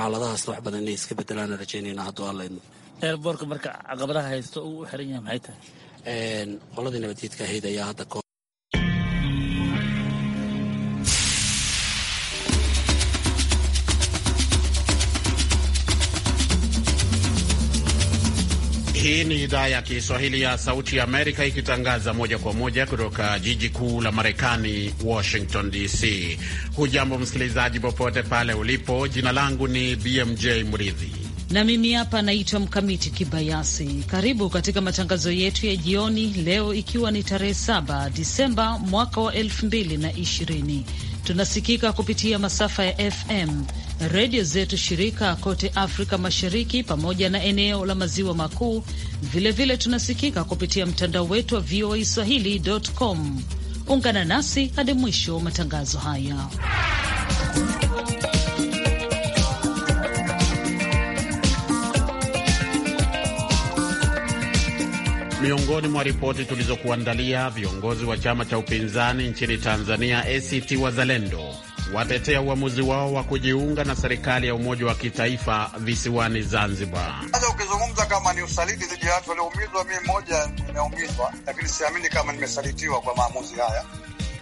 xaaladahaas wax badan inay iska bedelaana rajaynayna hadduu alla idmo eerboorka marka caqabadaha haysto uu u xiran yahay maxay tahay qoladii nabaddiidka ahayd ayaa hadda Hii ni idhaa ya Kiswahili ya Sauti ya Amerika ikitangaza moja kwa moja kutoka jiji kuu la Marekani, Washington DC. Hujambo msikilizaji, popote pale ulipo. Jina langu ni BMJ Mridhi na mimi hapa naitwa Mkamiti Kibayasi. Karibu katika matangazo yetu ya jioni leo, ikiwa ni tarehe 7 Disemba mwaka wa 2020. Tunasikika kupitia masafa ya FM redio zetu shirika kote Afrika Mashariki pamoja na eneo la maziwa makuu. Vilevile tunasikika kupitia mtandao wetu wa VOA Swahili.com. Ungana nasi hadi mwisho wa matangazo haya. Miongoni mwa ripoti tulizokuandalia, viongozi wa chama cha upinzani nchini Tanzania ACT Wazalendo watetea uamuzi wao wa kujiunga na serikali ya umoja wa kitaifa visiwani Zanzibar. Sasa ukizungumza kama ni usaliti dhidi ya watu walioumizwa, mimi moja nimeumizwa, lakini siamini kama nimesalitiwa kwa maamuzi haya,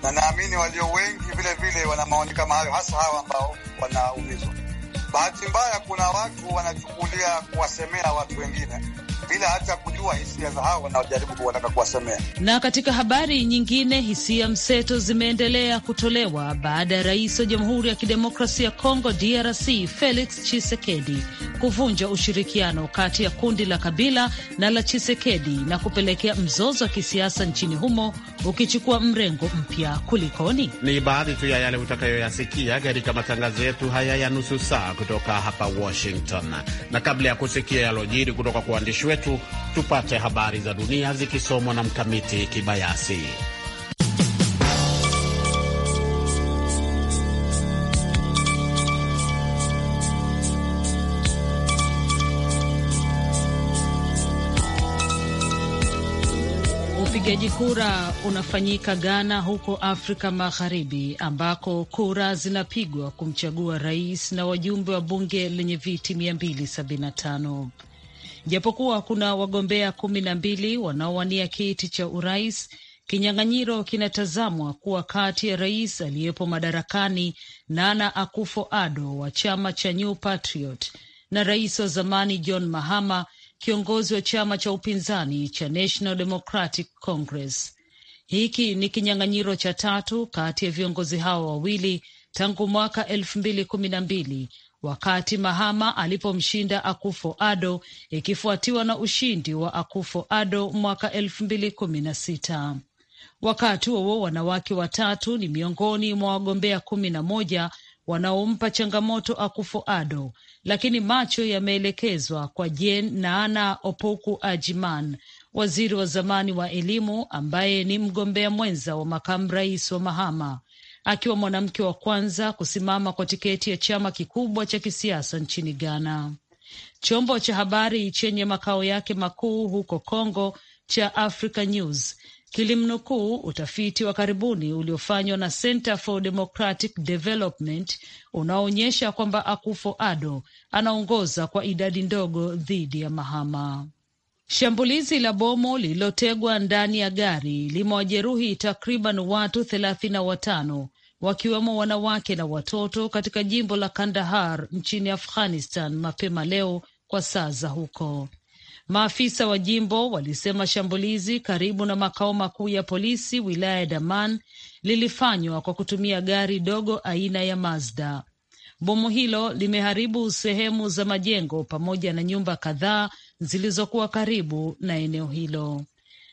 na naamini walio wengi vile vile wana maoni kama hayo, hasa hawa ambao wanaumizwa. Bahati mbaya, kuna watu wanachukulia kuwasemea watu wengine bila hata kujua hisia za hao wanaojaribu kuwataka kuwasemea. Na katika habari nyingine, hisia mseto zimeendelea kutolewa baada ya rais wa Jamhuri ya Kidemokrasia ya Kongo DRC Felix Tshisekedi kuvunja ushirikiano kati ya kundi la Kabila na la Tshisekedi na kupelekea mzozo wa kisiasa nchini humo ukichukua mrengo mpya. Kulikoni? Ni baadhi tu ya yale utakayoyasikia katika matangazo yetu haya ya nusu saa kutoka hapa Washington, na kabla ya kusikia yalojiri kutoka kwa waandishi wetu wetu, tupate habari za dunia zikisomwa na Mkamiti Kibayasi. Upigaji kura unafanyika Ghana huko Afrika Magharibi ambako kura zinapigwa kumchagua rais na wajumbe wa bunge lenye viti 275. Japokuwa kuna wagombea kumi na mbili wanaowania kiti cha urais, kinyang'anyiro kinatazamwa kuwa kati ya rais aliyepo madarakani Nana akufo ado wa chama cha New Patriot na rais wa zamani John Mahama, kiongozi wa chama cha upinzani cha National Democratic Congress. Hiki ni kinyang'anyiro cha tatu kati ya viongozi hao wawili tangu mwaka elfu mbili kumi na mbili wakati Mahama alipomshinda Akufo Ado, ikifuatiwa na ushindi wa Akufo Ado mwaka elfu mbili kumi na sita. Wakati huo wanawake watatu ni miongoni mwa wagombea kumi na moja wanaompa changamoto Akufo Ado, lakini macho yameelekezwa kwa Jen Naana Opoku Ajiman, waziri wa zamani wa elimu ambaye ni mgombea mwenza wa makamu rais wa Mahama akiwa mwanamke wa kwanza kusimama kwa tiketi ya chama kikubwa cha kisiasa nchini Ghana. Chombo cha habari chenye makao yake makuu huko Congo cha Africa News kilimnukuu utafiti wa karibuni uliofanywa na Center for Democratic Development unaoonyesha kwamba akufo ado anaongoza kwa idadi ndogo dhidi ya Mahama. Shambulizi la bomu lililotegwa ndani ya gari limewajeruhi takriban watu thelathini na watano wakiwemo wanawake na watoto katika jimbo la Kandahar nchini Afghanistan mapema leo kwa saa za huko. Maafisa wa jimbo walisema shambulizi karibu na makao makuu ya polisi wilaya ya Daman lilifanywa kwa kutumia gari dogo aina ya Mazda. Bomu hilo limeharibu sehemu za majengo pamoja na nyumba kadhaa zilizokuwa karibu na eneo hilo.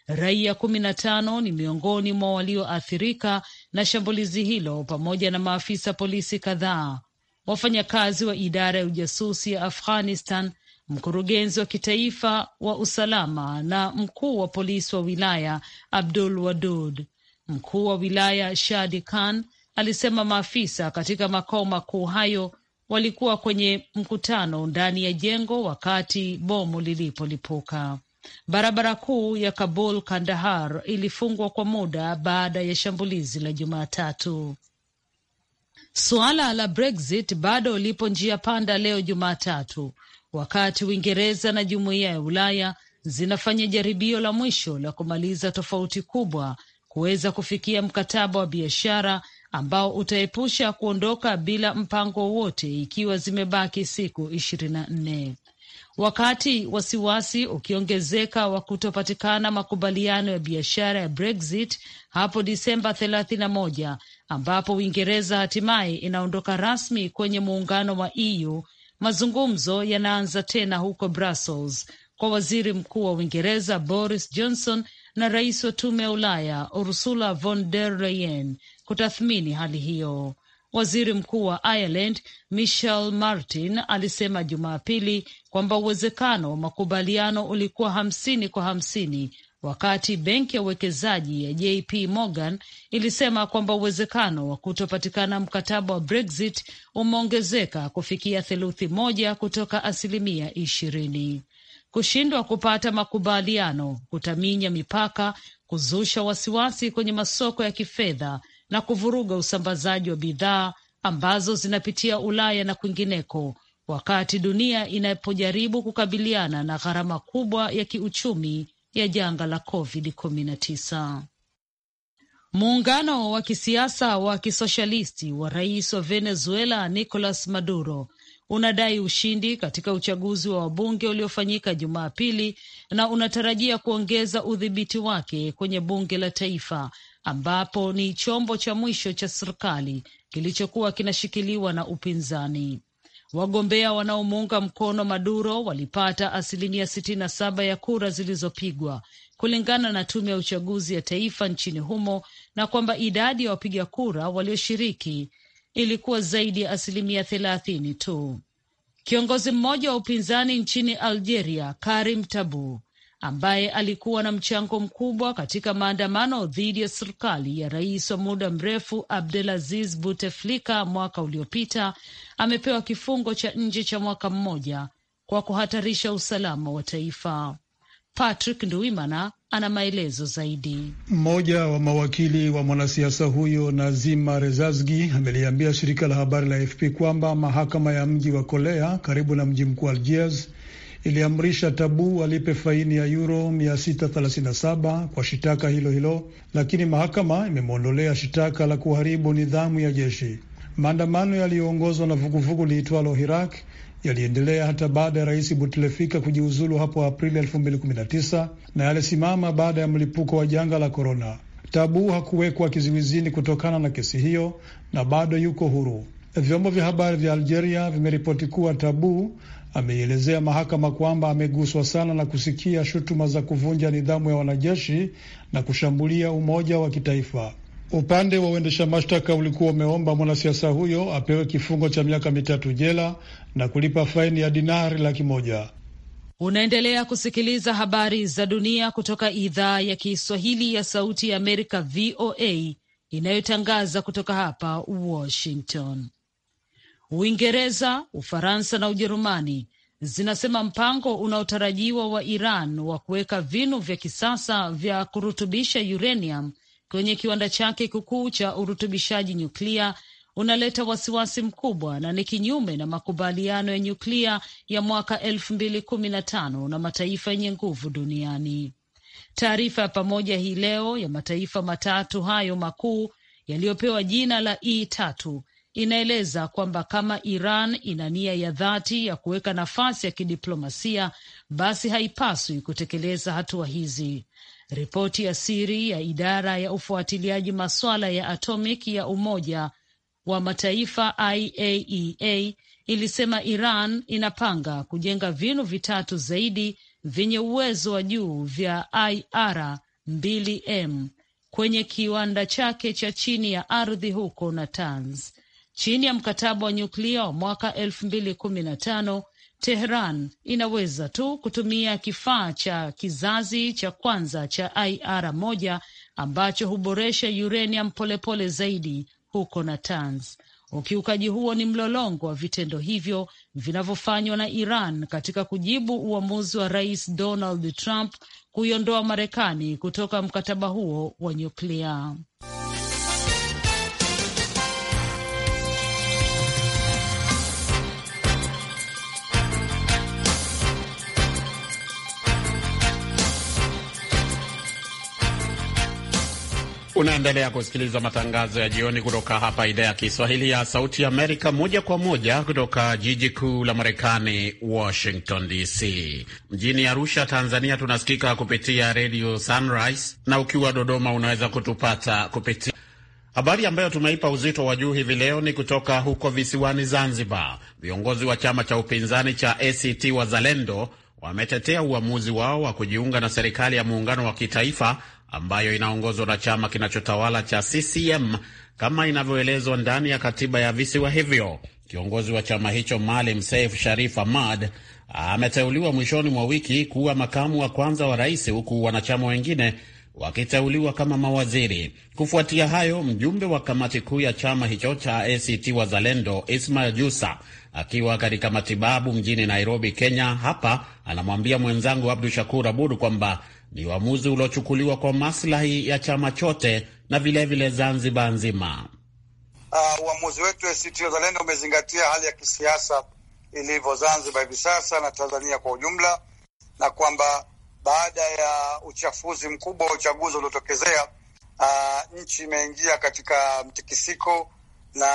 Raia kumi na tano ni miongoni mwa walioathirika na shambulizi hilo pamoja na maafisa polisi kadhaa, wafanyakazi wa idara ya ujasusi ya Afghanistan, mkurugenzi wa kitaifa wa usalama na mkuu wa polisi wa wilaya Abdul Wadud. Mkuu wa wilaya Shadi Khan alisema maafisa katika makao makuu hayo walikuwa kwenye mkutano ndani ya jengo wakati bomu lilipolipuka. Barabara kuu ya Kabul Kandahar ilifungwa kwa muda baada ya shambulizi la Jumatatu. Suala la Brexit bado lipo njia panda leo Jumatatu, wakati Uingereza na jumuiya ya Ulaya zinafanya jaribio la mwisho la kumaliza tofauti kubwa kuweza kufikia mkataba wa biashara ambao utaepusha kuondoka bila mpango wowote, ikiwa zimebaki siku ishirini na nne wakati wasiwasi ukiongezeka wa kutopatikana makubaliano ya biashara ya Brexit hapo Disemba 31 ambapo Uingereza hatimaye inaondoka rasmi kwenye muungano wa EU. Mazungumzo yanaanza tena huko Brussels kwa waziri mkuu wa Uingereza Boris Johnson na rais wa tume ya Ulaya Ursula von der Leyen kutathmini hali hiyo. Waziri Mkuu wa Ireland Michel Martin alisema Jumapili kwamba uwezekano wa makubaliano ulikuwa hamsini kwa hamsini wakati benki ya uwekezaji ya JP Morgan ilisema kwamba uwezekano wa kutopatikana mkataba wa Brexit umeongezeka kufikia theluthi moja kutoka asilimia ishirini. Kushindwa kupata makubaliano kutaminya mipaka, kuzusha wasiwasi kwenye masoko ya kifedha na kuvuruga usambazaji wa bidhaa ambazo zinapitia Ulaya na kwingineko, wakati dunia inapojaribu kukabiliana na gharama kubwa ya kiuchumi ya janga la COVID-19. Muungano wa kisiasa wa kisoshalisti wa rais wa Venezuela Nicolas Maduro unadai ushindi katika uchaguzi wa wabunge uliofanyika Jumapili na unatarajia kuongeza udhibiti wake kwenye bunge la taifa ambapo ni chombo cha mwisho cha serikali kilichokuwa kinashikiliwa na upinzani. Wagombea wanaomuunga mkono Maduro walipata asilimia sitini na saba ya kura zilizopigwa kulingana na tume ya uchaguzi ya taifa nchini humo, na kwamba idadi ya wapiga kura walioshiriki ilikuwa zaidi ya asilimia thelathini tu. Kiongozi mmoja wa upinzani nchini Algeria, Karim Tabu, ambaye alikuwa na mchango mkubwa katika maandamano dhidi ya serikali ya rais wa muda mrefu Abdelaziz buteflika mwaka uliopita, amepewa kifungo cha nje cha mwaka mmoja kwa kuhatarisha usalama wa taifa. Patrick Nduimana ana maelezo zaidi. Mmoja wa mawakili wa mwanasiasa huyo Nazima Rezazgi ameliambia shirika la habari la AFP kwamba mahakama ya mji wa Kolea karibu na mji mkuu Algiers iliamrisha Tabu alipe faini ya yuro 637 kwa shitaka hilo hilo, lakini mahakama imemwondolea shitaka la kuharibu nidhamu ya jeshi. Maandamano yaliyoongozwa na vuguvugu liitwalo Hirak yaliendelea hata baada ya Rais Butlefika kujiuzulu hapo Aprili 2019 na yalisimama baada ya mlipuko wa janga la korona. Tabu hakuwekwa kizuizini kutokana na kesi hiyo na bado yuko huru. Vyombo vya habari vya Algeria vimeripoti kuwa Tabu ameielezea mahakama kwamba ameguswa sana na kusikia shutuma za kuvunja nidhamu ya wanajeshi na kushambulia umoja wa kitaifa. Upande wa uendesha mashtaka ulikuwa umeomba mwanasiasa huyo apewe kifungo cha miaka mitatu jela na kulipa faini ya dinari laki moja. Unaendelea kusikiliza habari za dunia kutoka idhaa ya Kiswahili ya Sauti ya Amerika, VOA, inayotangaza kutoka hapa Washington. Uingereza, Ufaransa na Ujerumani zinasema mpango unaotarajiwa wa Iran wa kuweka vinu vya kisasa vya kurutubisha uranium kwenye kiwanda chake kikuu cha urutubishaji nyuklia unaleta wasiwasi mkubwa na ni kinyume na makubaliano ya nyuklia ya mwaka elfu mbili kumi na tano na mataifa yenye nguvu duniani. Taarifa ya pamoja hii leo ya mataifa matatu hayo makuu yaliyopewa jina la E tatu inaeleza kwamba kama Iran ina nia ya dhati ya kuweka nafasi ya kidiplomasia, basi haipaswi kutekeleza hatua hizi. Ripoti ya siri ya idara ya ufuatiliaji masuala ya atomic ya Umoja wa Mataifa IAEA e ilisema Iran inapanga kujenga vinu vitatu zaidi vyenye uwezo wa juu vya IR 2m kwenye kiwanda chake cha chini ya ardhi huko Natanz chini ya mkataba wa nyuklia wa mwaka elfu mbili kumi na tano Tehran inaweza tu kutumia kifaa cha kizazi cha kwanza cha IR1 ambacho huboresha uranium polepole zaidi huko Natanz. Ukiukaji huo ni mlolongo wa vitendo hivyo vinavyofanywa na Iran katika kujibu uamuzi wa Rais Donald Trump kuiondoa Marekani kutoka mkataba huo wa nyuklia. Unaendelea kusikiliza matangazo ya jioni kutoka hapa idhaa ya Kiswahili ya Sauti ya Amerika, moja kwa moja kutoka jiji kuu la Marekani, Washington DC. Mjini Arusha, Tanzania, tunasikika kupitia redio Sunrise, na ukiwa Dodoma unaweza kutupata kupitia Habari ambayo tumeipa uzito wa juu hivi leo ni kutoka huko visiwani Zanzibar. Viongozi wa chama cha upinzani cha ACT Wazalendo wametetea uamuzi wao wa kujiunga na serikali ya muungano wa kitaifa ambayo inaongozwa na chama kinachotawala cha CCM kama inavyoelezwa ndani ya katiba ya visiwa hivyo. Kiongozi wa chama hicho Maalim Seif Sharif Ahmad ameteuliwa mwishoni mwa wiki kuwa makamu wa kwanza wa rais, huku wanachama wengine wakiteuliwa kama mawaziri. Kufuatia hayo, mjumbe wa kamati kuu ya chama hicho cha ACT Wazalendo Ismail Jusa akiwa katika matibabu mjini Nairobi, Kenya, hapa anamwambia mwenzangu Abdu Shakur Abud kwamba ni uamuzi uliochukuliwa kwa maslahi ya chama chote na vilevile Zanzibar nzima. Uh, uamuzi wetu ACT Wazalendo umezingatia hali ya kisiasa ilivyo Zanzibar hivi sasa na Tanzania kwa ujumla, na kwamba baada ya uchafuzi mkubwa wa uchaguzi uliotokezea, uh, nchi imeingia katika mtikisiko na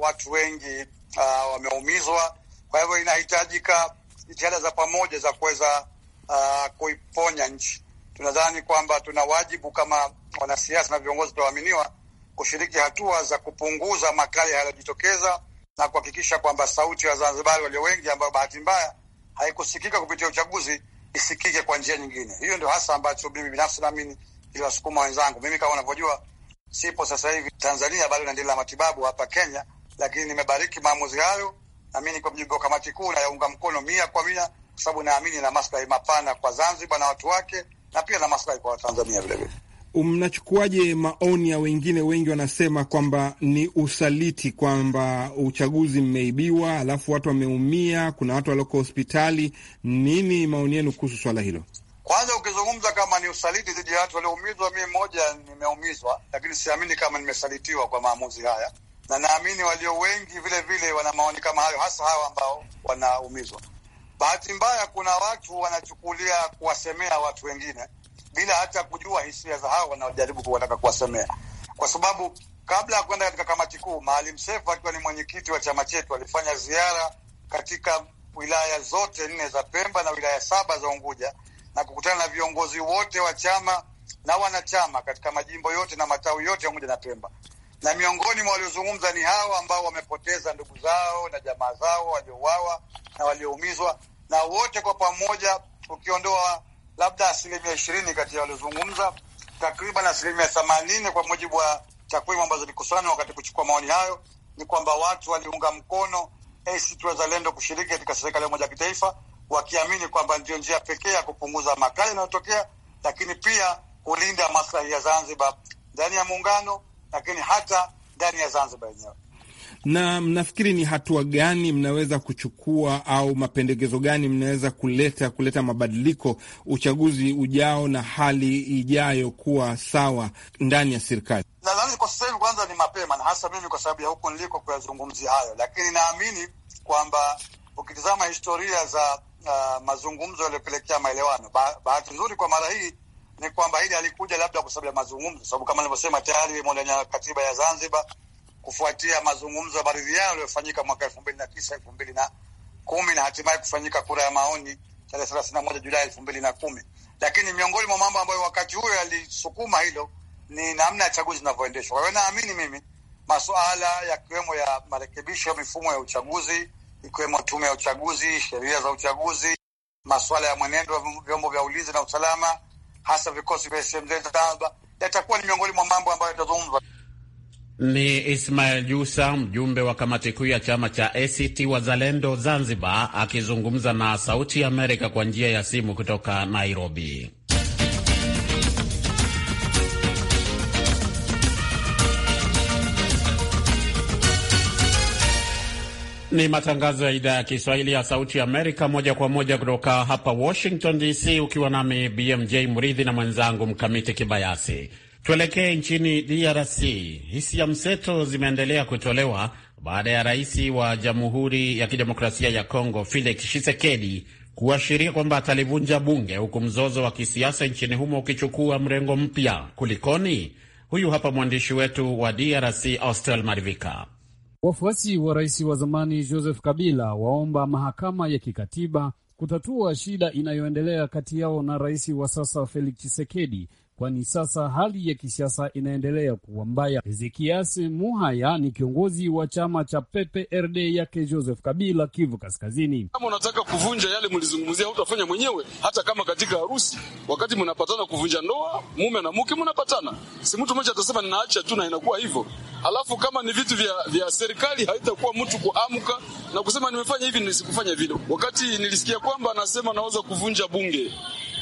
watu wengi uh, wameumizwa. Kwa hivyo inahitajika jitihada za pamoja za kuweza uh, kuiponya nchi tunadhani kwamba tuna wajibu kama wanasiasa na viongozi tunaoaminiwa kushiriki hatua za kupunguza makali yanayojitokeza na kuhakikisha kwamba sauti ya wa Wazanzibari walio wengi ambayo bahati mbaya haikusikika kupitia uchaguzi isikike kwa njia nyingine. Hiyo ndio hasa ambacho mimi binafsi naamini iliwasukuma wenzangu. Mimi kama unavyojua, sipo sasa hivi Tanzania, bado naendelea matibabu hapa Kenya, lakini nimebariki maamuzi hayo, na mimi kwa mjibu wa kamati kuu nayaunga mkono mia kwa mia, kwa sababu naamini na maslahi mapana kwa Zanzibar na watu wake na pia na maslahi kwa Watanzania vilevile. Um, mnachukuaje maoni ya wengine? Wengi wanasema kwamba ni usaliti, kwamba uchaguzi mmeibiwa, alafu watu wameumia, kuna watu walioko hospitali. Nini maoni yenu kuhusu swala hilo? Kwanza ukizungumza kama ni usaliti dhidi ya watu walioumizwa, mi mmoja nimeumizwa, lakini siamini kama nimesalitiwa kwa maamuzi haya, na naamini walio wengi vile vile wana maoni kama hayo, hasa hawa ambao wanaumizwa. Bahati mbaya, kuna watu wanachukulia kuwasemea watu wengine bila hata kujua hisia za hao wanaojaribu kuwataka kuwasemea, kwa sababu kabla ya kuenda katika kamati kuu, Maalim sefu akiwa ni mwenyekiti wa chama chetu alifanya ziara katika wilaya zote nne za Pemba na wilaya saba za Unguja na kukutana na viongozi wote wa chama na wanachama katika majimbo yote na matawi yote ya Unguja na Pemba na miongoni mwa waliozungumza ni hawa ambao wamepoteza ndugu zao na jamaa zao waliouawa na walioumizwa, na wote kwa pamoja, ukiondoa labda asilimia ishirini kati ya waliozungumza, takriban asilimia themanini kwa mujibu wa takwimu ambazo zilikusanywa wakati kuchukua maoni hayo, ni kwamba watu waliunga mkono ACT Wazalendo kushiriki katika serikali ya umoja wa kitaifa, wakiamini kwamba ndio njia pekee ya kupunguza makali yanayotokea, lakini pia kulinda maslahi ya Zanzibar ndani ya muungano lakini hata ndani ya Zanzibar yenyewe. Na mnafikiri ni hatua gani mnaweza kuchukua au mapendekezo gani mnaweza kuleta kuleta mabadiliko uchaguzi ujao na hali ijayo kuwa sawa ndani ya serikali? Nadhani kwa sasa hivi kwanza ni mapema, na hasa mimi kwa sababu ya huku niliko kuyazungumzia hayo, lakini naamini kwamba ukitizama historia za uh, mazungumzo yaliyopelekea maelewano, bahati nzuri kwa mara hii ni kwamba hili alikuja labda kwa sababu ya mazungumzo, sababu kama nilivyosema tayari mwenye katiba ya Zanzibar kufuatia mazungumzo ya maridhiano yaliyofanyika mwaka elfu mbili na tisa elfu mbili na kumi na hatimaye kufanyika kura ya maoni tarehe thelathini na moja Julai elfu mbili na kumi. Lakini miongoni mwa mambo ambayo wakati huyo yalisukuma hilo ni namna ya chaguzi zinavyoendeshwa. Kwa hiyo naamini mimi masuala yakiwemo ya marekebisho ya mifumo ya uchaguzi, ikiwemo tume ya uchaguzi, sheria za uchaguzi, masuala ya mwenendo wa vyombo vya ulinzi na usalama hasa vikosi vya M23 yatakuwa ni miongoni mwa mambo ambayo yatazungumzwa. Ni Ismail Jusa, mjumbe wa kamati kuu ya chama cha ACT Wazalendo Zanzibar, akizungumza na Sauti ya Amerika kwa njia ya simu kutoka Nairobi. Ni matangazo ya idhaa ya Kiswahili ya Sauti ya Amerika, moja kwa moja kutoka hapa Washington DC, ukiwa nami BMJ Mridhi na mwenzangu Mkamiti Kibayasi. Tuelekee nchini DRC. Hisia mseto zimeendelea kutolewa baada ya rais wa Jamhuri ya Kidemokrasia ya Kongo Felix Tshisekedi kuashiria kwamba atalivunja bunge, huku mzozo wa kisiasa nchini humo ukichukua mrengo mpya. Kulikoni? Huyu hapa mwandishi wetu wa DRC Austel Marivika. Wafuasi wa rais wa zamani Joseph Kabila waomba mahakama ya kikatiba kutatua shida inayoendelea kati yao na rais wa sasa Felix chisekedi kwani sasa hali ya kisiasa inaendelea kuwa mbaya. Ezekias Muhaya ni kiongozi wa chama cha PPRD yake Joseph Kabila, Kivu Kaskazini. Kama unataka kuvunja yale mlizungumzia, hutafanya mwenyewe. Hata kama katika harusi, wakati mnapatana kuvunja ndoa, mume na mke mnapatana, si mtu mmoja atasema ninaacha tu na inakuwa hivyo. Alafu kama ni vitu vya, vya serikali, haitakuwa mtu kuamka na kusema nimefanya hivi, nisikufanya vile. Wakati nilisikia kwamba anasema naweza kuvunja bunge,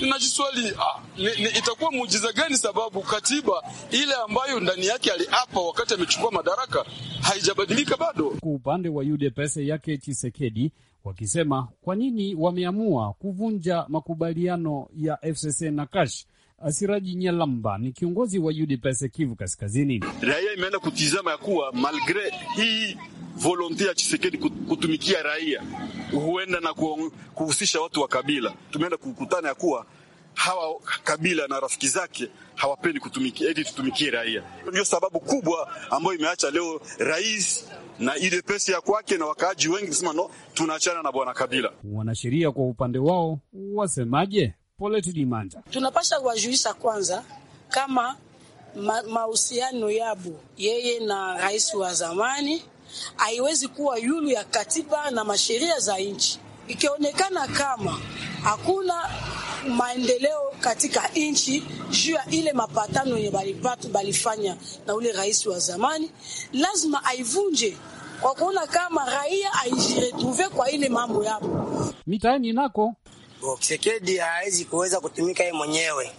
ninajiswali ah, ni, ni, itakuwa muujiza Unauliza gani sababu? Katiba ile ambayo ndani yake aliapa wakati amechukua madaraka haijabadilika bado. Kwa upande wa UDPS yake Chisekedi wakisema kwa nini wameamua kuvunja makubaliano ya FCC na Kash. Asiraji Nyalamba ni kiongozi wa UDPS Kivu Kaskazini. Raia imeenda kutizama ya kuwa malgre hii volonte ya Chisekedi kutumikia raia, huenda na kuhusisha watu wa kabila, tumeenda kukutana ya kuwa hawa kabila na rafiki zake hawapendi kutumiki, eti tutumikie raia. Ndio sababu kubwa ambayo imeacha leo rais na ile pesa ya kwake na wakaaji wengi kusema no, tunaachana na bwana Kabila. Wanasheria kwa upande wao wasemaje? Polet tunapasha kuwajulisha kwanza kama mahusiano yabo yeye na rais wa zamani haiwezi kuwa yulu ya katiba na masheria za nchi. Ikionekana kama hakuna maendeleo katika nchi juu ya ile mapatano yenye balipatu balifanya na ule rais wa zamani, lazima aivunje kwa kuona kama raia aijiretruve kwa ile mambo yapo mitaani nako. Kisekedi hawezi kuweza kutumika yeye mwenyewe,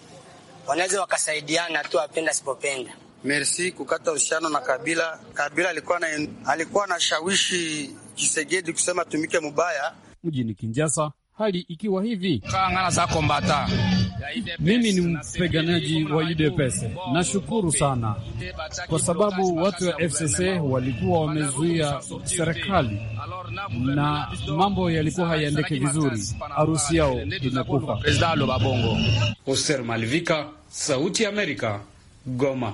wanaweza wakasaidiana tu, apenda sipopenda. Merci kukata uhusiano na Kabila. Kabila alikuwa na alikuwa na shawishi Kisegedi kusema tumike mubaya mjini Kinjasa hali ikiwa hivi. Mimi ni mpiganaji wa UDPS. Nashukuru sana kwa sababu watu wa FCC walikuwa wamezuia serikali na mambo yalikuwa hayaendeke vizuri. Harusi yao imekufa. Oster Malvika, Sauti ya Amerika, Goma.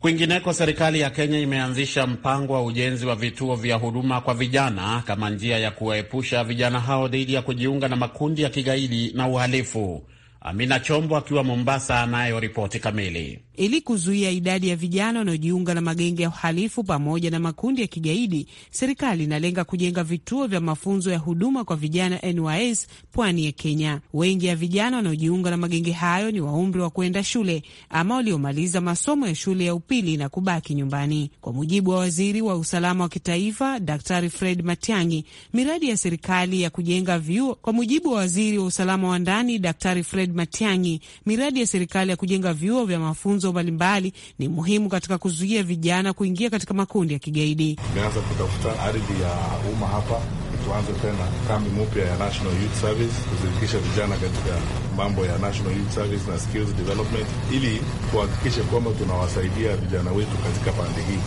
Kwingineko, serikali ya Kenya imeanzisha mpango wa ujenzi wa vituo vya huduma kwa vijana kama njia ya kuwaepusha vijana hao dhidi ya kujiunga na makundi ya kigaidi na uhalifu. Amina Chombo akiwa Mombasa anayo ripoti kamili. Ili kuzuia idadi ya vijana wanaojiunga na magenge ya uhalifu pamoja na makundi ya kigaidi, serikali inalenga kujenga vituo vya mafunzo ya huduma kwa vijana NYS pwani ya Kenya. Wengi ya vijana wanaojiunga na magenge hayo ni wa umri wa kuenda shule ama waliomaliza masomo ya shule ya upili na kubaki nyumbani. Kwa mujibu wa waziri wa usalama wa kitaifa Daktari Fred Matiang'i, miradi ya serikali ya kujenga vyuo. Kwa mujibu wa waziri wa usalama wa ndani Daktari Fred Matiang'i, miradi ya serikali ya kujenga vyuo vya mafunzo mafunzo mbalimbali ni muhimu katika kuzuia vijana kuingia katika makundi ya kigaidi. Tumeanza kutafuta ardhi ya umma hapa, tuanze tena kambi mpya ya National Youth Service vijana katika mambo ya National Youth Service na skills development, ili tuhakikishe kwamba tunawasaidia vijana wetu katika pande hii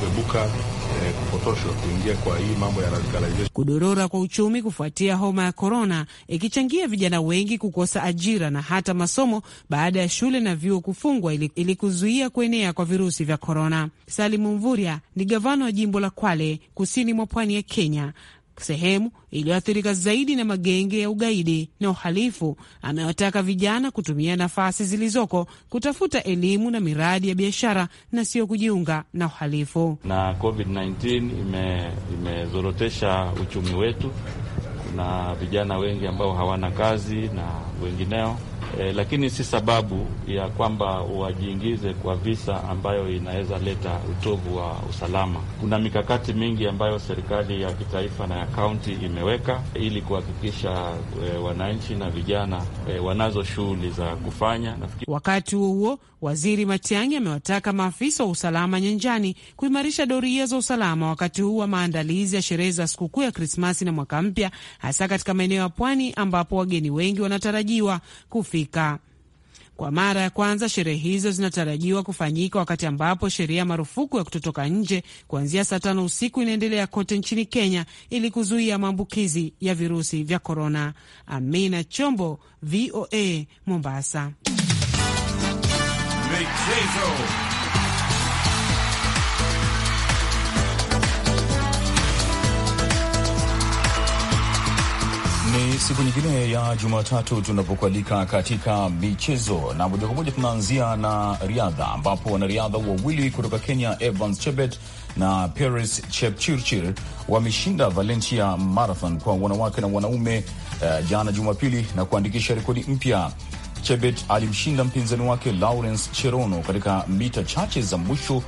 kuebuka eh, kupotoshwa kuingia kwa hii mambo ya radicalization. Kudorora kwa uchumi kufuatia homa ya korona ikichangia vijana wengi kukosa ajira na hata masomo baada ya shule na vyuo kufungwa ili, ili kuzuia kuenea kwa virusi vya korona. Salimu Mvurya ni gavana wa jimbo la Kwale kusini mwa pwani ya Kenya sehemu iliyoathirika zaidi na magenge ya ugaidi na uhalifu, amewataka vijana kutumia nafasi zilizoko kutafuta elimu na miradi ya biashara na sio kujiunga na uhalifu. Na COVID-19 ime, imezorotesha uchumi wetu, kuna vijana wengi ambao hawana kazi na wengineo e, lakini si sababu ya kwamba wajiingize kwa visa ambayo inaweza leta utovu wa usalama. Kuna mikakati mingi ambayo serikali ya kitaifa na ya kaunti imeweka ili kuhakikisha e, wananchi na vijana e, wanazo shughuli za kufanya. Nafikiri wakati huo huo, Waziri Matiang'i amewataka maafisa wa usalama nyanjani kuimarisha doria za usalama wakati huu wa maandalizi ya sherehe za sikukuu ya Krismasi na mwaka mpya, hasa katika maeneo ya pwani ambapo wageni wengi wanatarajiwa kufika kufika. Kwa mara ya kwanza sherehe hizo zinatarajiwa kufanyika wakati ambapo sheria ya marufuku ya kutotoka nje kuanzia saa tano usiku inaendelea kote nchini Kenya ili kuzuia maambukizi ya virusi vya korona. Amina Chombo, VOA, Mombasa. Michezo. siku nyingine ya Jumatatu tunapokualika katika michezo, na moja kwa moja tunaanzia na riadha, ambapo wanariadha wawili kutoka Kenya, Evans Chebet na Paris Chepchirchir wameshinda Valencia Marathon kwa wanawake na wanaume uh, jana Jumapili na kuandikisha rekodi mpya. Chebet alimshinda mpinzani wake Lawrence Cherono katika mita chache za mwisho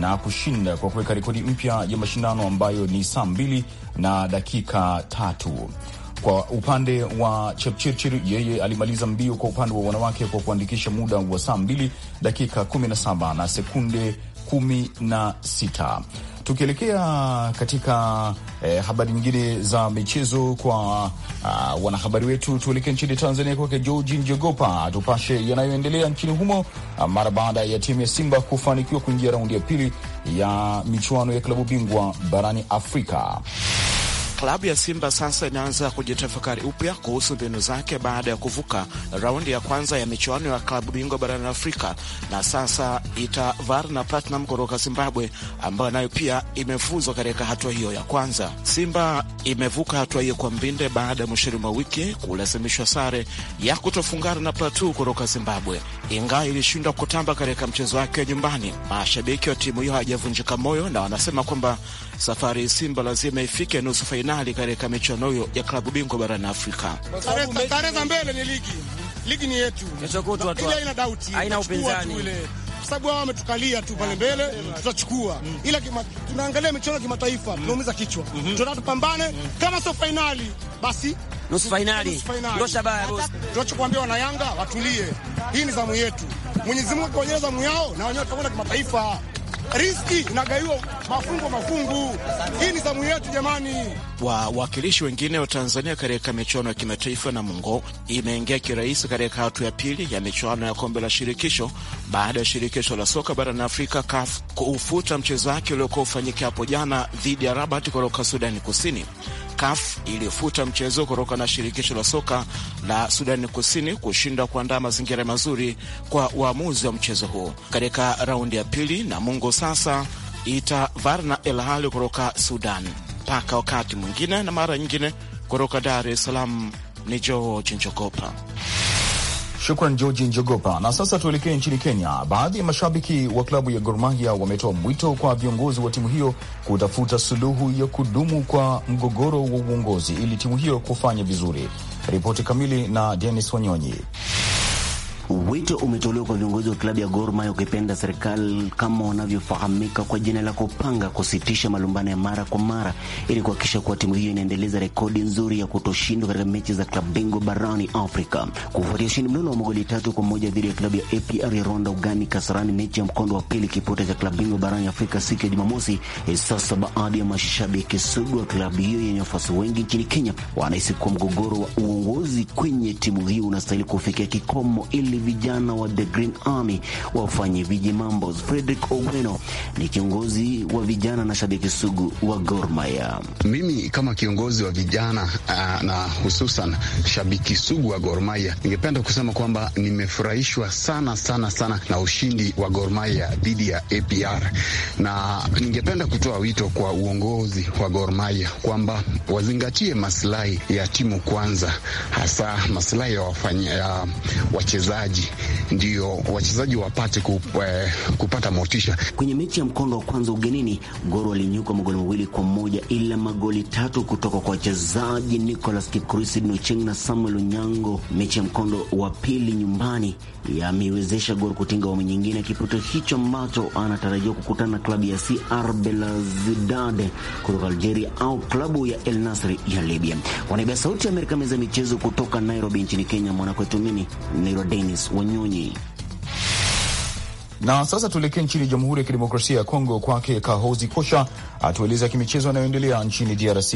na kushinda kwa kuweka rekodi mpya ya mashindano ambayo ni saa mbili na dakika tatu. Kwa upande wa Chepchirchir, yeye alimaliza mbio kwa upande wa wanawake kwa kuandikisha muda wa saa 2 dakika 17 na sekunde 16. Tukielekea katika eh, habari nyingine za michezo kwa uh, wanahabari wetu, tuelekee nchini Tanzania kwake Georgi Njogopa tupashe yanayoendelea nchini humo ah, mara baada ya timu ya Simba kufanikiwa kuingia raundi ya pili ya michuano ya klabu bingwa barani Afrika. Klabu ya Simba sasa inaanza kujitafakari upya kuhusu mbinu zake baada ya kuvuka raundi ya kwanza ya michuano ya klabu bingwa barani Afrika, na sasa itavara na Platinum kutoka Zimbabwe, ambayo nayo pia imefuzwa katika hatua hiyo ya kwanza. Simba imevuka hatua hiyo kwa mbinde baada ya mwishoni mwa wiki kulazimishwa sare ya kutofungana na Plateau kutoka Zimbabwe, ingawa ilishindwa kutamba katika mchezo wake wa nyumbani. Mashabiki wa timu hiyo hawajavunjika moyo na wanasema kwamba safari Simba lazima ifike nusu fainali katika michuano hiyo ya klabu bingwa barani Afrika. Tareza mbele ni ligi, ligi ni yetu, ile ina dauti, haina upinzani kwa sababu hawa wametukalia tu pale mbele, tutachukua mm. ila kima, tunaangalia michezo ya kimataifa mm. tunaumiza kichwa, mm-hmm. tunataka tupambane. Kama sio fainali, basi nusu fainali ndio shabaha. Tunachokuambia wana Yanga watulie, hii ni zamu yetu. Mwenyezi Mungu zamu yao na wenyewe tutakwenda kimataifa riziki inagaiwa mafungu mafungu. Hii ni zamu yetu jamani. Wawakilishi wengine wa Tanzania katika michuano ya kimataifa na Mungo imeingia kirahisi katika hatua ya pili ya michuano ya kombe la shirikisho baada ya shirikisho la soka barani Afrika CAF kuufuta mchezo wake uliokuwa ufanyike hapo jana dhidi ya Rabat kutoka Sudani Kusini. CAF ilifuta mchezo kutoka na shirikisho la soka la Sudani Kusini kushindwa kuandaa mazingira mazuri kwa uamuzi wa mchezo huo katika raundi ya pili. Namungo sasa ita Varna El Hali kutoka Sudan. Mpaka wakati mwingine na mara nyingine, kutoka Dar es Salaam ni George Njogopa. Shukran Georgi Njogopa. Na sasa tuelekee nchini Kenya. Baadhi ya mashabiki wa klabu ya Gor Mahia wametoa mwito kwa viongozi wa timu hiyo kutafuta suluhu ya kudumu kwa mgogoro wa uongozi ili timu hiyo kufanya vizuri. Ripoti kamili na Denis Wanyonyi. Wito umetolewa kwa viongozi wa klabu ya Gor Mahia, ukipenda serikali kama wanavyofahamika kwa jina la kupanga kusitisha malumbano ya mara kwa mara ili kuhakikisha kuwa timu hiyo inaendeleza rekodi nzuri ya kutoshindwa katika mechi za klabu bingwa barani Afrika kufuatia ushindi mnono wa magoli tatu kwa moja dhidi ya klabu ya APR ya Rwanda ugani Kasarani, mechi ya mkondo wa pili kipote cha klabu bingwa barani Afrika siku ya Jumamosi. E, sasa baadhi ya mashabiki sugu wa klabu hiyo yenye wafuasi wengi nchini Kenya wanahisi kuwa mgogoro wa uongozi kwenye timu hiyo unastahili kufikia kikomo ili serikali vijana wa The Green Army wafanye viji mambo. Frederick Ogweno ni kiongozi wa vijana na shabiki sugu wa Gor Mahia. Mimi kama kiongozi wa vijana uh, na hususan shabiki sugu wa Gor Mahia, ningependa kusema kwamba nimefurahishwa sana sana sana na ushindi wa Gor Mahia dhidi ya APR, na ningependa kutoa wito kwa uongozi wa Gor Mahia kwamba wazingatie maslahi ya timu kwanza, hasa maslahi ya, ya wachezaji wachezaji ndio wachezaji wapate kup, eh, kupata motisha. Kwenye mechi ya mkondo wa kwanza ugenini, Goro walinyuka magoli mawili kwa moja, ila magoli tatu kutoka kwa wachezaji Nicolas Kipkurui, Sidney Ocheng na Samuel Onyango. Mechi ya mkondo wa pili nyumbani yameiwezesha Gor kutinga awamu nyingine ya kipoto hicho ambacho anatarajiwa kukutana na klabu ya CR Belouizdad kutoka Algeria au klabu ya El Nasri ya Libya. Kwa niaba ya Sauti ya Amerika, meza michezo kutoka Nairobi nchini Kenya, mwanakwetu mimi Nirodeni Denis Wanyonyi. Na sasa tuelekee nchini Jamhuri ya Kidemokrasia ya Kongo, kwake Kahozi Kosha atueleza kimichezo anayoendelea nchini DRC.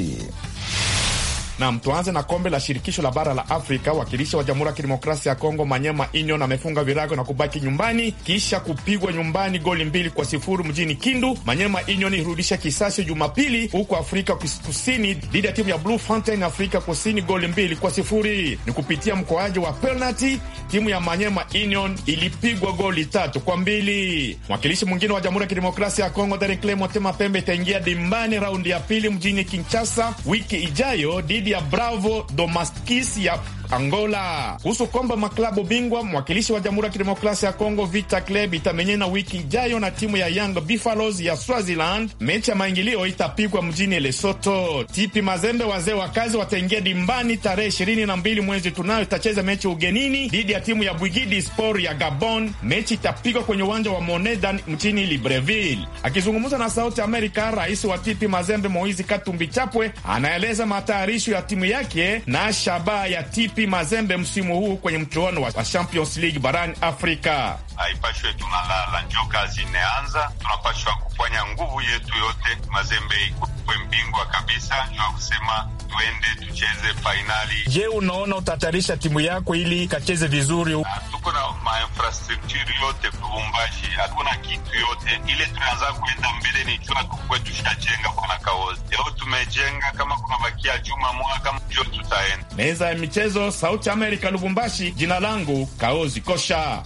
Nam, tuanze na kombe la shirikisho la bara la Afrika. Wakilishi wa Jamhuri ya Kidemokrasia ya Kongo, Manyema Union amefunga virago na kubaki nyumbani kisha kupigwa nyumbani goli mbili kwa sifuri mjini Kindu. Manyema Union irudisha kisasi Jumapili huko Afrika Kusini dhidi ya timu ya Blue Fountain Afrika Kusini goli mbili kwa sifuri. Ni kupitia mkoaji wa penalti, timu ya Manyema Union ilipigwa goli tatu kwa mbili. Mwakilishi mwingine wa Jamhuri ya Kidemokrasia ya Kongo, Darekle Motema Pembe itaingia dimbani raundi ya pili mjini Kinshasa wiki ijayo dhidi dhidi ya Bravo Domaskis ya Angola. Kuhusu kombe maklabu bingwa, mwakilishi wa Jamhuri ya Kidemokrasia ya Kongo Vita Club itamenyana wiki ijayo na timu ya Young Buffaloes ya Swaziland. Mechi ya maingilio itapigwa mjini Lesotho. Tipi Mazembe wazee wa kazi wataingia dimbani tarehe ishirini na mbili mwezi tunayo, itacheza mechi ugenini dhidi ya timu ya Bwigidi Sport ya Gabon. Mechi itapigwa kwenye uwanja wa Monedan mchini Libreville. Akizungumza na Sauti Amerika, rais wa Tipi Mazembe Moizi Katumbi Chapwe anaeleza matayarisho ya timu yake na shabaha ya Tipi Mazembe msimu huu kwenye mchuano wa Champions League barani Afrika. Haipashwe tunalala, njo kazi imeanza, tunapashwa kufanya nguvu yetu yote, Mazembe ikuwe mbingwa kabisa, ndio kusema tuende tucheze fainali. Je, unaona utatarisha timu yako ili ikacheze vizuri? Ah, tuko na mainfrastrukturi yote Lubumbashi, hakuna kitu yote ile, tunaanza kuenda mbele nikiwa tukwe tushajenga kwanakaozi leo tumejenga kama kuna ya juma mwaka mjo tutaenda meza ya michezo. Sauti Amerika, Lubumbashi. Jina langu Kaozi Kosha.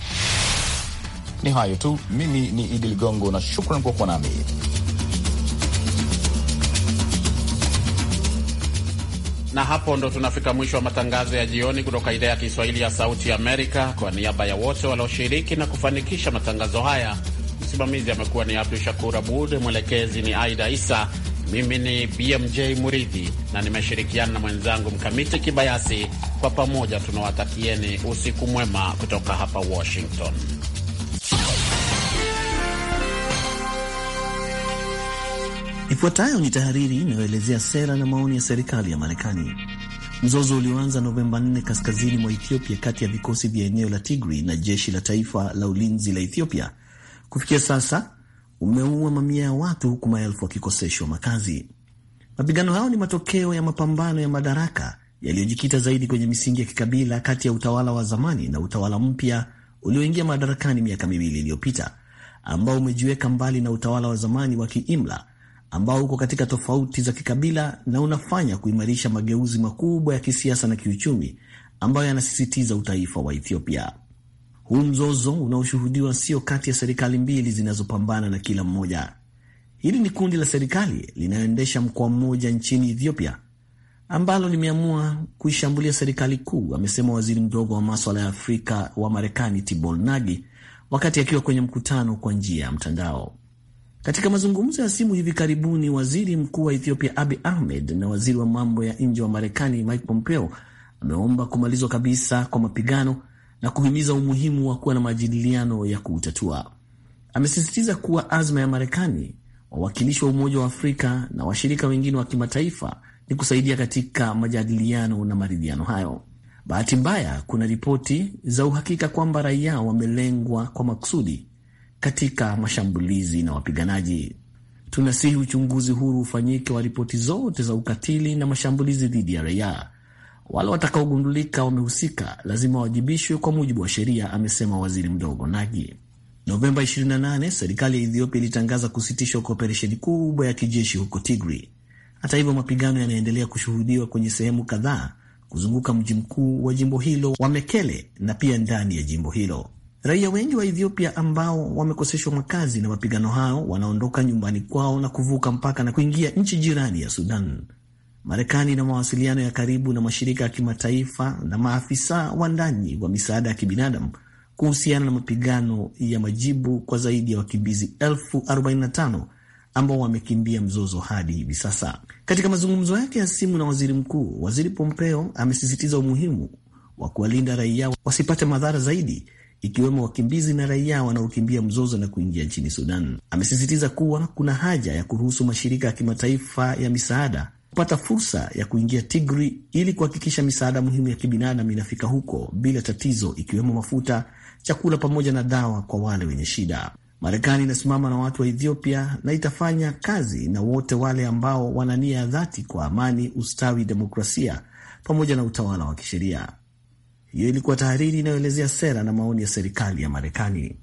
Ni hayo tu. Mimi ni Idi Ligongo na shukran kwa kuwa nami. Na hapo ndo tunafika mwisho wa matangazo ya jioni kutoka idhaa ya Kiswahili ya Sauti Amerika. Kwa niaba ya wote walioshiriki na kufanikisha matangazo haya, msimamizi amekuwa ni Abdu Shakur Abud, mwelekezi ni Aida Isa. Mimi ni BMJ Muridhi na nimeshirikiana na mwenzangu Mkamiti Kibayasi. Kwa pamoja tunawatakieni usiku mwema kutoka hapa Washington. Ifuatayo ni tahariri inayoelezea sera na maoni ya serikali ya Marekani. Mzozo ulioanza Novemba 4 kaskazini mwa Ethiopia kati ya vikosi vya eneo la tigri na jeshi la taifa la ulinzi la Ethiopia kufikia sasa umeua mamia ya watu huku maelfu wakikoseshwa makazi. Mapigano hayo ni matokeo ya mapambano ya madaraka yaliyojikita zaidi kwenye misingi ya kikabila kati ya utawala wa zamani na utawala mpya ulioingia madarakani miaka miwili iliyopita, ambao umejiweka mbali na utawala wa zamani wa kiimla ambao uko katika tofauti za kikabila na unafanya kuimarisha mageuzi makubwa ya kisiasa na kiuchumi ambayo yanasisitiza utaifa wa Ethiopia. Huu mzozo unaoshuhudiwa sio kati ya serikali mbili zinazopambana na kila mmoja. Hili ni kundi la serikali linayoendesha mkoa mmoja nchini Ethiopia ambalo limeamua kuishambulia serikali kuu, amesema waziri mdogo wa maswala ya Afrika wa Marekani Tibor Nagi wakati akiwa kwenye mkutano kwa njia ya mtandao. Katika mazungumzo ya simu hivi karibuni, waziri mkuu wa Ethiopia Abi Ahmed na waziri wa mambo ya nje wa Marekani Mike Pompeo ameomba kumalizwa kabisa kwa mapigano na kuhimiza umuhimu wa kuwa na majadiliano ya kuutatua. Amesisitiza kuwa azma ya Marekani, wawakilishi wa Umoja wa Afrika na washirika wengine wa kimataifa ni kusaidia katika majadiliano na maridhiano hayo. Bahati mbaya, kuna ripoti za uhakika kwamba raia wamelengwa kwa makusudi katika mashambulizi na wapiganaji. Tunasihi uchunguzi huru ufanyike wa ripoti zote za ukatili na mashambulizi dhidi ya raia wale watakaogundulika wamehusika lazima wawajibishwe kwa mujibu wa sheria, amesema waziri mdogo Nagi. Novemba 28 serikali ya Ethiopia ilitangaza kusitishwa kwa operesheni kubwa ya kijeshi huko Tigri. Hata hivyo, mapigano yanaendelea kushuhudiwa kwenye sehemu kadhaa kuzunguka mji mkuu wa jimbo hilo wa Mekele na pia ndani ya jimbo hilo. Raia wengi wa Ethiopia ambao wamekoseshwa makazi na mapigano hayo wanaondoka nyumbani kwao na kuvuka mpaka na kuingia nchi jirani ya Sudan. Marekani ina mawasiliano ya karibu na mashirika ya kimataifa na maafisa wa ndani wa misaada ya kibinadamu kuhusiana na mapigano ya majibu kwa zaidi ya wakimbizi elfu ambao wamekimbia mzozo hadi hivi sasa. Katika mazungumzo yake ya simu na waziri mkuu, waziri Pompeo amesisitiza umuhimu wa kuwalinda raia wasipate madhara zaidi, ikiwemo wakimbizi na raia wanaokimbia mzozo na kuingia nchini Sudan. Amesisitiza kuwa kuna haja ya kuruhusu mashirika ya kimataifa ya misaada kupata fursa ya kuingia Tigri ili kuhakikisha misaada muhimu ya kibinadamu inafika huko bila tatizo, ikiwemo mafuta, chakula pamoja na dawa kwa wale wenye shida. Marekani inasimama na watu wa Ethiopia na itafanya kazi na wote wale ambao wana nia ya dhati kwa amani, ustawi, demokrasia pamoja na utawala wa kisheria. Hiyo ilikuwa tahariri inayoelezea sera na maoni ya serikali ya Marekani.